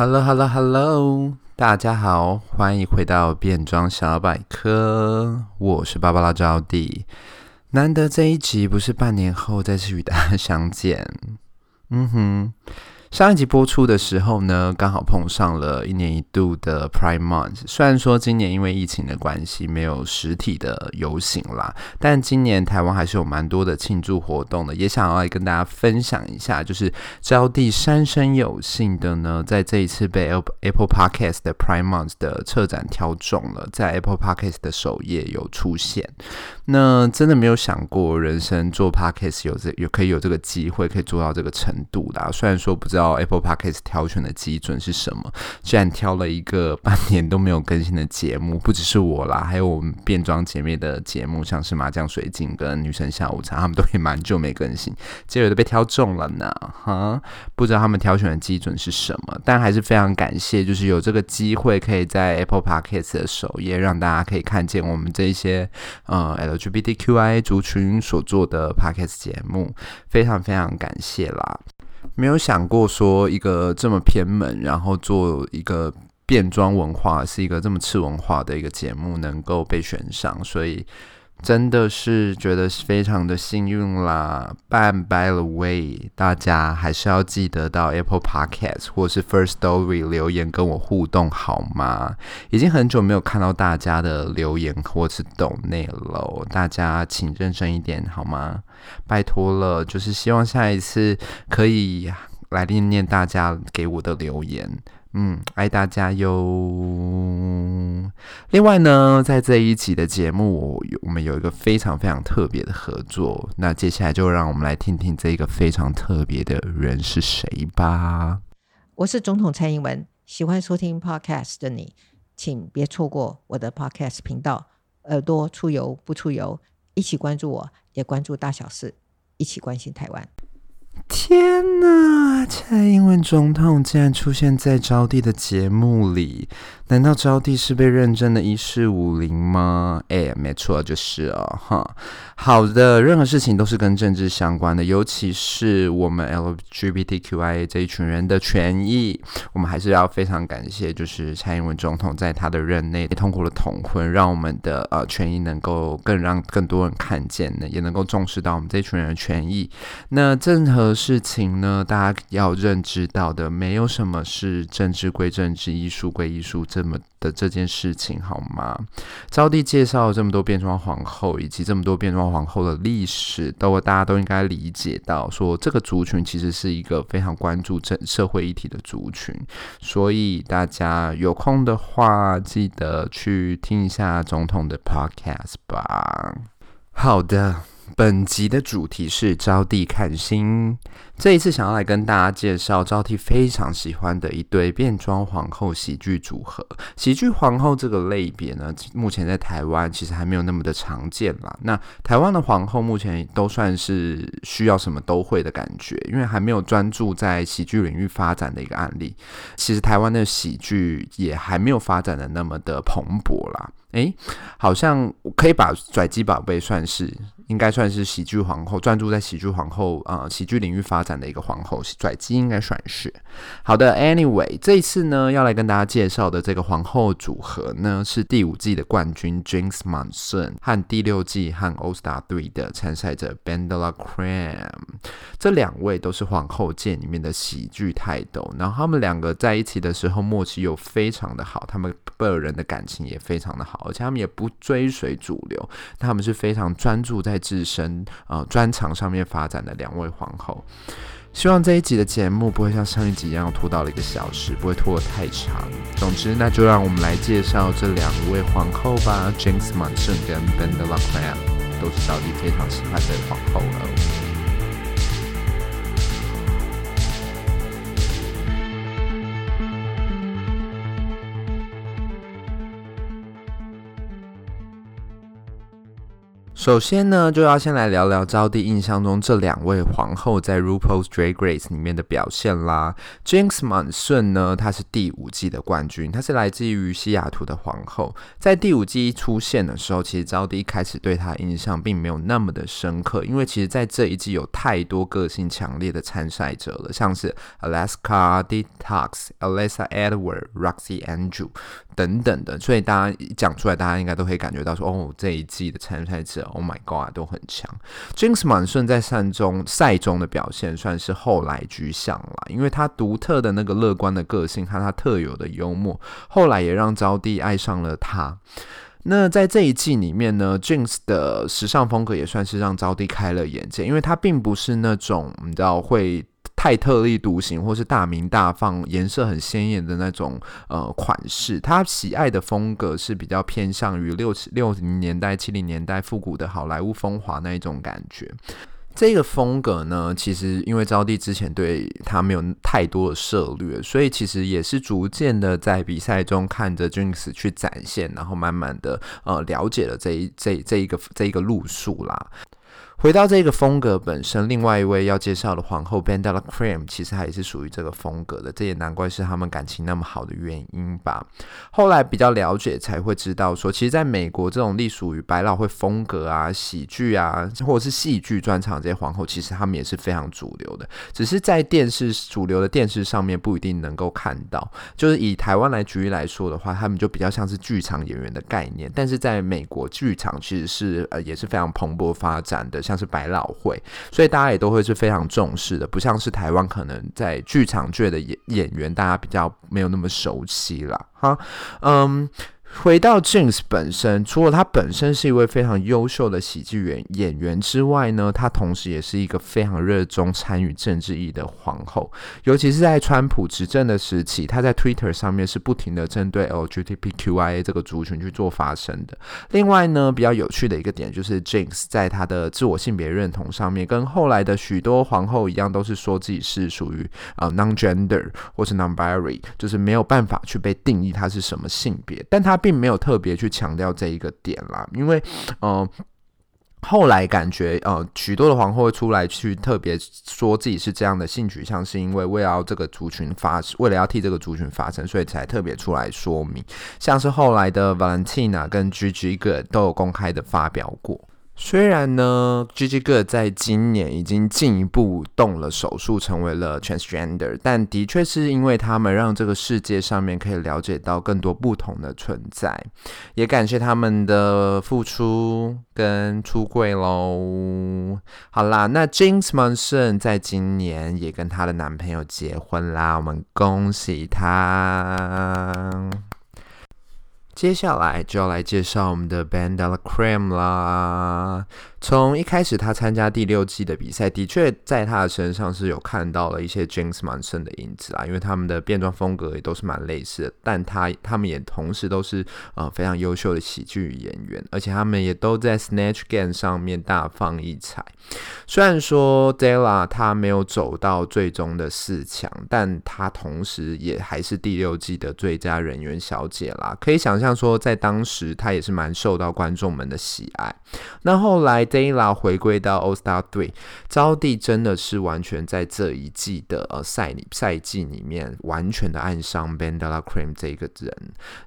Hello，Hello，Hello，hello, hello. 大家好，歡迎回到變裝小百科，我是芭芭拉招弟。難得這一集不是半年後再次與大家相見，嗯哼。上一集播出的時候呢，剛好碰上了一年一度的 Pride Month。雖然說今年因為疫情的關係，沒有實體的遊行啦，但今年台灣還是有蠻多的慶祝活動的，也想要來跟大家分享一下。就是招弟三生有幸的呢，在這一次被 Apple Podcast 的 Pride Month 的策展挑中了，在 Apple Podcast 的首頁有出現。那真的沒有想過人生做 Podcast 有這有可以有這個機會，可以做到這個程度啦。雖然說不知道。到 Apple Podcast 挑選的基準是什麼？居然挑了一個半年都沒有更新的節目，不只是我啦，還有我們變裝姐妹的節目，像是麻將水晶跟女生下午茶，他們都也蠻久沒更新，結果都被挑中了呢，哈！不知道他們挑選的基準是什麼，但還是非常感謝，就是有這個機會可以在 Apple Podcast 的首頁，讓大家可以看見我們這一些呃、嗯、LGBTQI 族群所做的 Podcast 節目，非常非常感謝啦。沒有想過說一個這麼偏門，然後做一個變裝文化是一個這麼次文化的一個節目能夠被選上，所以真的是覺得非常的幸運啦。But by, by the way，大家還是要記得到 Apple Podcast 或是 First Story 留言跟我互動好嗎？已經很久沒有看到大家的留言或是抖內了，大家請認真一點好嗎？拜託了，就是希望下一次可以來念念大家給我的留言。嗯，愛大家喲。另外呢，在這一集的節目，我們有一個非常非常特別的合作。那接下來就讓我們來聽聽這一個非常特別的人是誰吧。我是總統蔡英文，喜歡收聽 podcast 的你，請別錯過我的 podcast 頻道。耳朵出油不出油，一起關注我。關注大小事，一起關心台灣。天哪、啊！蔡英文總統竟然出現在招弟的節目裡。難道招弟是被認證的一四五零嗎？哎，沒錯，就是哦，哈。好的，任何事情都是跟政治相關的，尤其是我們 LGBTQIA 這一群人的權益，我們還是要非常感謝，就是蔡英文總統在他的任內通過了同婚，讓我們的呃權益能夠更讓更多人看見呢，也能夠重視到我們這一群人的權益。那任何事情呢，大家要認知到的，沒有什麼是政治歸政治，藝術歸藝術。這麼的這件事情好嗎？招弟介紹這麼多變裝皇後，以及這麼多變裝皇後的歷史，都大家都應該理解到，說這個族群其實是一個非常關注整社會議題的族群。所以大家有空的話，記得去聽一下總統的 podcast 吧。好的，本集的主題是招弟看星。這一次想要來跟大家介紹招弟非常喜歡的一對變裝皇后喜劇組合。喜劇皇後這個類別呢，目前在台灣其實還沒有那麼的常見啦。那台灣的皇后目前都算是需要什麼都會的感覺，因為還沒有專注在喜劇領域發展的一個案例。其實台灣的喜劇也還沒有發展的那麼的蓬勃啦。誒，好像可以把拽姬寶貝算是應該算是喜劇皇後，專注在喜劇皇後啊、呃、喜劇領域發展的一個皇后轉機應該算是好的。Anyway，這一次呢要來跟大家介紹的這個皇后組合呢是第五季的冠軍 Jinkx Monsoon 和第六季和 All Stars 3的參賽者 BenDeLaCreme。這兩位都是皇后界裡面的喜劇泰斗，然後他們兩個在一起的時候默契又非常的好，他們個人的感情也非常的好，而且他們也不追隨主流，他們是非常專注在自身呃專長上面發展的兩位皇後。希望這一集的節目不會像上一集一樣拖到了一個小時，不會拖得太長。總之，那就讓我們來介紹這兩位皇后吧，Jinkx Monsoon 跟 BenDeLaCreme 都是招弟非常喜歡的皇後了。首先呢，就要先來聊聊招娣印象中這兩位皇後在 RuPaul's Drag Race 裡面的表現啦。Jinx m a n s o n 呢，她是第五季的冠軍，她是來自於西雅圖的皇後。在第五季一出現的時候，其實招娣開始對她印象並沒有那麼的深刻，因為其實，在這一季有太多個性強烈的參賽者了，像是 Alaska D e t o x Alyssa Edward、Roxy Andrew 等等的，所以大家一講出來，大家應該都會感覺到說，哦，這一季的參賽者。Oh my God，都很強。Jinkx Monsoon 在賽中、賽中的表現算是後來居上了，因為他獨特的那個樂觀的個性和他特有的幽默，後來也讓招弟愛上了他。那在這一季裡面呢，Jinkx 的時尚風格也算是讓招弟開了眼界，因為他並不是那種，你知道，會，太特立獨行，或是大鳴大放，顏色很鮮豔的那種呃款式。他喜愛的風格是比較偏向於六六零年代、七零年代復古的好萊塢風華那一種感覺。這個風格呢，其實因為招弟之前對他沒有太多的涉獵，所以其實也是逐漸的在比賽中看着 Jinkx 去展現，然後慢慢的呃了解了這一這這一，這一，這一,一個這一,一個路數啦。回到這個風格本身，另外一位要介紹的皇後 BenDeLaCreme 其實還是屬於這個風格的，這也難怪是他們感情那麼好的原因吧。後來比較了解才會知道說，說其實在美國這種隸屬於百老匯風格啊、喜劇啊，或者是戲劇專場這些皇後，其實他們也是非常主流的，只是在電視主流的電視上面不一定能夠看到。就是以台灣來舉例來說的話，他們就比較像是劇場演員的概念，但是在美國劇場其實是呃也是非常蓬勃發展的。像是百老匯，所以大家也都會是非常重視的，不像是台灣可能在劇場界的演演員，大家比較沒有那麼熟悉啦，哈，嗯、um。回到 Jinkx 本身，除了他本身是一位非常優秀的喜劇演演員之外呢，他同時也是一個非常熱衷參與政治意義的皇後，尤其是在川普執政的時期，他在 Twitter 上面是不停的針對 LGBTQIA 這個族群去做發聲的。另外呢，比較有趣的一個點就是 Jinkx 在他的自我性別認同上面，跟後來的許多皇後一樣，都是說自己是屬於啊 non gender 或是 non binary 就是沒有辦法去被定義他是什麼性別，但他。並沒有特別去強調這一個點啦，因為，呃，後來感覺呃許多的皇後會出來去特別說自己是這樣的性取向，像是因為為了要這個族群發，為了要替這個族群發聲，所以才特別出來說明。像是後來的 Valentina 跟 Gigi Goode 都有公開的發表過。雖然呢，Gigi 在今年已經進一步動了手術，成為了 transgender，但的確是因為他們讓這個世界上面可以了解到更多不同的存在，也感謝他們的付出跟出櫃嘍。好啦，那 Jinkx Monsoon 在今年也跟他的男朋友結婚啦，我們恭喜他。接下來就要來介紹我們的 BenDeLaCreme 啦。從一開始，他參加第六季的比賽，的確在他的身上是有看到了一些 Jinkx Monsoon 的影子啦，因為他們的變裝風格也都是蠻類似的。但他他們也同時都是呃非常優秀的喜劇演員，而且他們也都在 Snatch Game 上面大放異彩。雖然說 Dela 他沒有走到最終的四強，但他同時也還是第六季的最佳人緣小姐啦。可以想象說，在當時他也是蠻受到觀眾們的喜愛。那後來。Dela 回歸到 All Star 隊，招弟真的是完全在這一季的呃賽裡賽季裡面完全的愛上 BenDeLaCreme 這個人，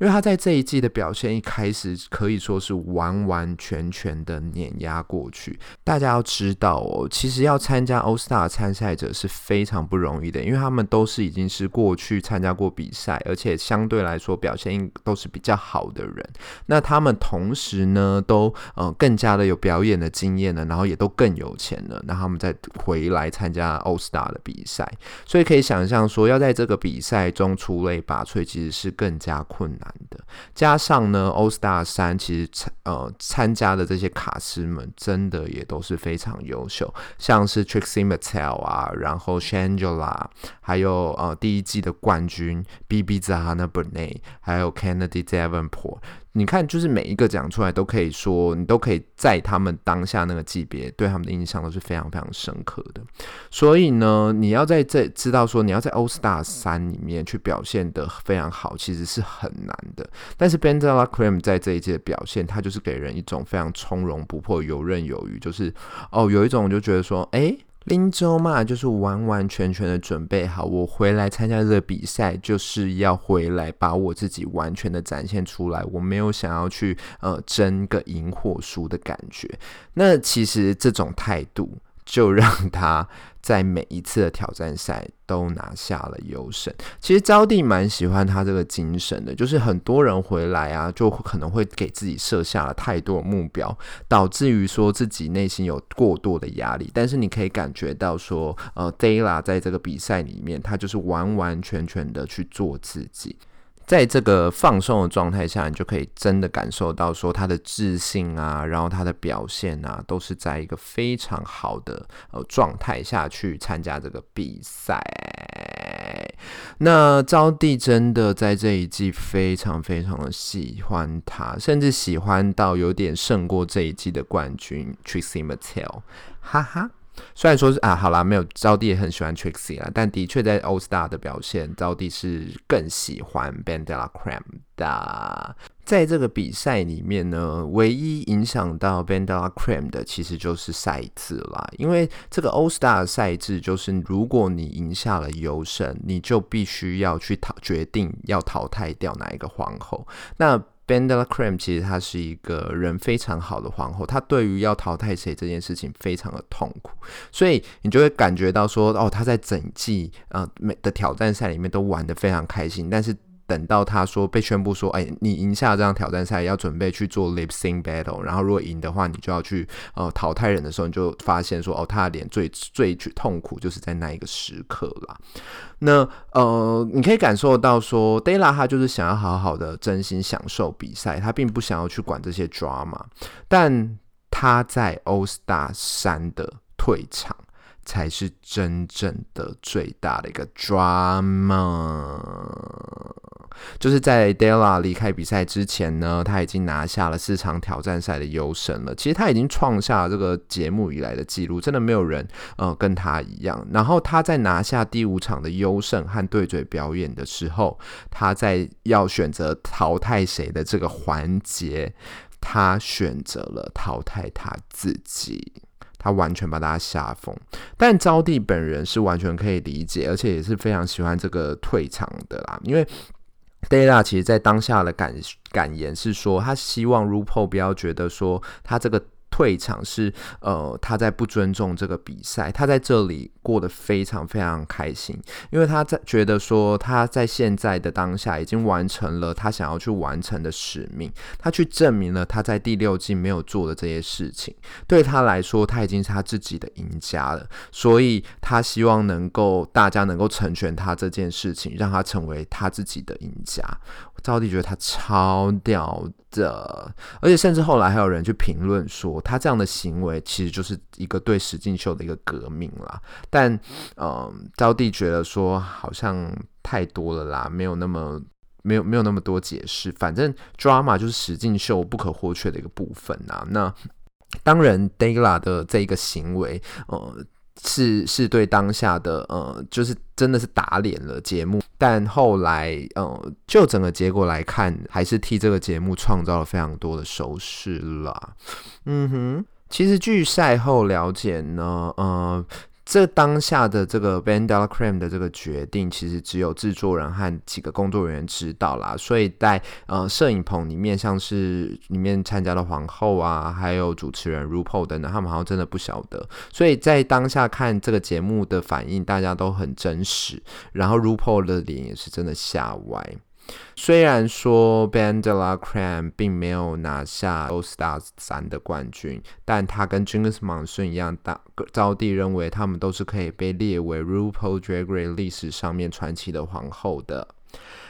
因為他在這一季的表現一開始可以說是完完全全的碾壓過去。大家要知道哦，其實要參加 All Star 參賽者是非常不容易的，因為他們都是已經是過去參加過比賽，而且相對來說表現應都是比較好的人。那他們同時呢，都嗯、呃、更加的有表演的。經驗呢，然後也都更有錢了，那他們再回來參加 All Star 的比賽，所以可以想象說，要在這個比賽中出類拔萃，其實是更加困難的。加上呢，All Star 三其實參呃參加的這些卡司們，真的也都是非常優秀，像是 Trixie Mattel 啊，然後 Shangela 還有呃第一季的冠軍 BeBe Zahara Benet，還有 Kennedy Davenport 你看，就是每一個講出來都可以說，你都可以在他們當下那個級別對他們的印象都是非常非常深刻的。所以呢，你要在這知道說，你要在 All Star 3裡面去表現得非常好，其實是很難的。但是 Ben De La Creme 在這一屆的表現，他就是給人一種非常從容不迫、遊刃有餘，就是哦，有一種就覺得說，哎。拎周嘛，就是完完全全的準備好。我回來參加這個比賽，就是要回來把我自己完全的展現出來。我沒有想要去，呃，爭個贏或輸的感覺。那其實這種態度。就讓他在每一次的挑戰賽都拿下了優勝。其實招弟蠻喜歡他這個精神的，就是很多人回來啊，就可能會給自己設下了太多的目標，導致於說自己內心有過多的壓力。但是你可以感覺到說，呃，Dela 在這個比賽裡面，他就是完完全全的去做自己。在這個放鬆的狀態下，你就可以真的感受到說他的自信啊，然後他的表現啊，都是在一個非常好的呃狀態下去參加這個比賽。那招弟真的在這一季非常非常的喜歡他，甚至喜歡到有點勝過這一季的冠軍 Trixie Mattel，哈哈。雖然說是啊，好啦，沒有，招弟也很喜歡 Trixie 啦。但的確在 All Star 的表現，招弟是更喜歡 BenDeLaCreme 的。在這個比賽裡面呢，唯一影響到 BenDeLaCreme 的，其實就是賽制啦。因為這個 All Star 的賽制就是，如果你贏下了優勝，你就必須要去淘，決定要淘汰掉哪一個皇後。那 Ben de la Crème 其實她是一個人非常好的皇後，她對於要淘汰誰這件事情非常的痛苦，所以你就會感覺到說，哦，她在整季呃每的挑戰賽裡面都玩得非常開心，但是，等到他說被宣布說，哎、欸，你贏下這樣挑戰賽，要準備去做 lip sync battle，然後如果贏的話，你就要去呃淘汰人的時候，你就發現說，哦，他的臉最最痛苦就是在那一個時刻啦。那呃，你可以感受到說，Della 他就是想要好好的真心享受比賽，他並不想要去管這些 drama，但他在 All Star 三的退場，才是真正的最大的一個 drama。就是在 Dela 離開比賽之前呢，他已經拿下了四場挑戰賽的優勝了。其實他已經創下了這個節目以來的記錄，真的沒有人呃跟他一樣。然後他在拿下第五場的優勝和對嘴表演的時候，他在要選擇淘汰誰的這個環節，他選擇了淘汰他自己，他完全把大家嚇瘋。但招弟本人是完全可以理解，而且也是非常喜歡這個退場的啦，因為，Dela 其實，在當下的感感言是說，他希望 RuPaul 不要覺得說，他這個退場是呃，他在不尊重這個比賽，他在這裡，過得非常非常開心，因為他在覺得說他在現在的當下已經完成了他想要去完成的使命，他去證明了他在第六季沒有做的這些事情，對他來說他已經是他自己的贏家了，所以他希望能夠大家能夠成全他這件事情，讓他成為他自己的贏家。招弟覺得他超屌的，而且甚至後來還有人去評論說他這樣的行為其實就是一個對實境秀的一個革命了。但，嗯、呃，招弟覺得說好像太多了啦，沒有那麼沒有沒有那麼多解釋。反正 drama 就是實境秀不可或缺的一個部分啊。那當然，Dela 的這一個行為，呃，是是對當下的呃，就是真的是打臉了節目。但後來，呃，就整個結果來看，還是替這個節目創造了非常多的收視啦。嗯哼，其實據賽後了解呢，呃。這當下的這個 BenDeLaCreme 的這個決定，其實只有製作人和幾個工作人員知道啦。所以，在呃攝影棚裡面，像是裡面參加了皇後啊，還有主持人 RuPaul 等等，他們好像真的不曉得。所以在當下看這個節目的反應，大家都很真實。然後 RuPaul 的臉也是真的嚇歪。雖然說 BenDeLaCreme 並沒有拿下 All Stars 三的冠軍，但他跟 Jinkx Monsoon 一樣，大招弟認為他們都是可以被列為 RuPaul's Drag Race 歷史上面傳奇的皇後的。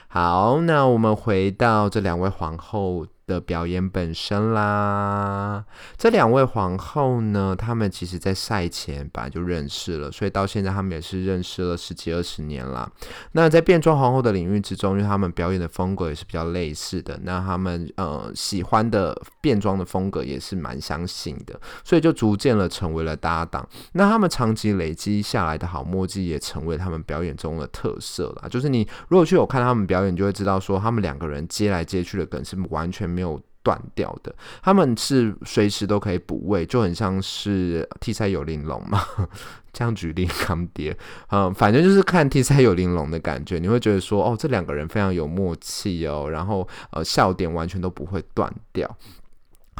好，那我們回到這兩位皇後。的表演本身啦。這兩位皇後呢，他們其實在賽前本來就認識了，所以到現在他們也是認識了十幾二十年啦。那在變裝皇後的領域之中，因為他們表演的風格也是比較類似的，那他們呃喜歡的變裝的風格也是蠻相信的，所以就逐漸了成為了搭檔。那他們長期累積下來的好默契，也成為他們表演中的特色啦。就是你如果去有看他們表演，就會知道說他們兩個人接來接去的梗是完全沒。沒有斷掉的，他們是隨時都可以補位，就很像是《T 台有玲瓏》嘛，這樣舉例，康爹，嗯，反正就是看《T 台有玲瓏》的感覺，你會覺得說，哦，這兩個人非常有默契哦，然後呃，笑點完全都不會斷掉。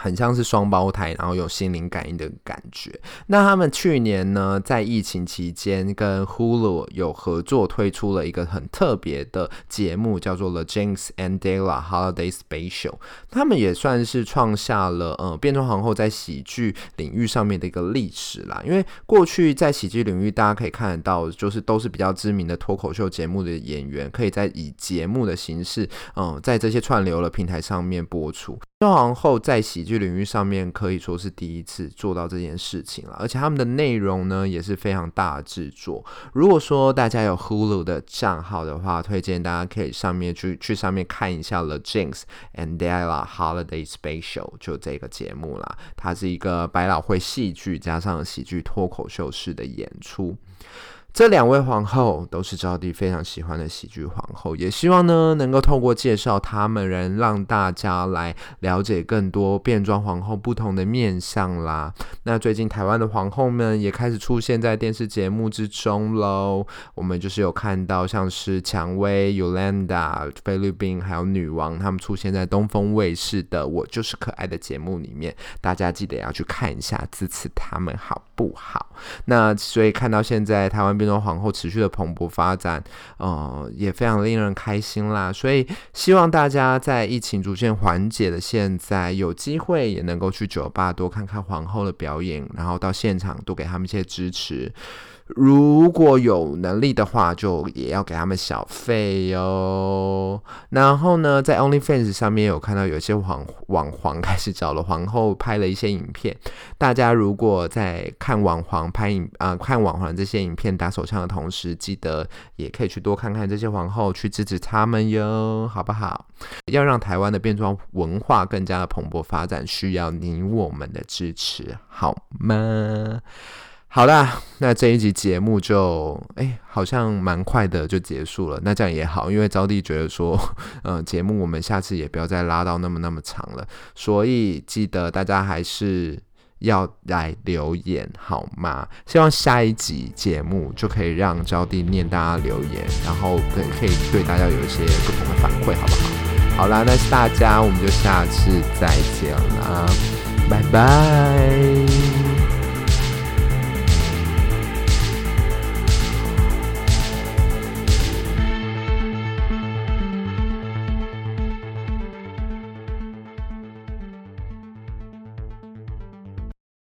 很像是雙胞胎，然後有心靈感應的感覺。那他們去年呢，在疫情期間跟 Hulu 有合作，推出了一個很特別的節目，叫做《The Jinkx and Dela Holiday Special》。他們也算是創下了嗯，變裝皇後在喜劇領域上面的一個歷史啦。因為過去在喜劇領域，大家可以看得到，就是都是比較知名的脫口秀節目的演員，可以在以節目的形式，嗯、呃，在這些串流的平台上面播出。變裝皇後在喜劇領域上面可以說是第一次做到這件事情了，而且他們的內容呢也是非常大製作。如果說大家有 Hulu 的賬號的話，推薦大家可以上面去去上面看一下 The Jinx and、D、Ella Holiday Special 就這個節目啦，它是一個百老匯戲劇加上喜劇脫口秀式的演出。這兩位皇後都是招弟非常喜歡的喜劇皇後，也希望呢能夠透過介紹他們人，讓大家來了解更多變裝皇後不同的面向啦。那最近台灣的皇後們也開始出現在電視節目之中嘍。我們就是有看到像是薔薇、Yolanda、菲律賓還有女王，他們出現在東風衛視的《我就是可愛的》節目裡面，大家記得要去看一下，支持他們好不好？那所以看到現在台灣。皇后持續的蓬勃發展，呃，也非常令人開心啦。所以希望大家在疫情逐漸緩解的現在，有機會也能夠去酒吧多看看皇後的表演，然後到現場多給他們一些支持。如果有能力的話，就也要給他們小費喲。然後呢，在 OnlyFans 上面有看到有些網網黃開始找了皇后拍了一些影片。大家如果在看網黃拍影啊、呃、看網黃這些影片打手槍的同時，記得也可以去多看看這些皇後，去支持他們喲，好不好？要讓台灣的變裝文化更加的蓬勃發展，需要你我們的支持，好嗎？好啦，那這一集節目就哎、欸，好像蠻快的就結束了。那這樣也好，因為招弟覺得說，嗯，節目我們下次也不要再拉到那麼那麼長了。所以記得大家還是要來留言，好嗎？希望下一集節目就可以讓招弟念大家留言，然後可以，可以對大家有一些不同的反饋，好不好？好啦，那大家，我們就下次再見啦，拜拜。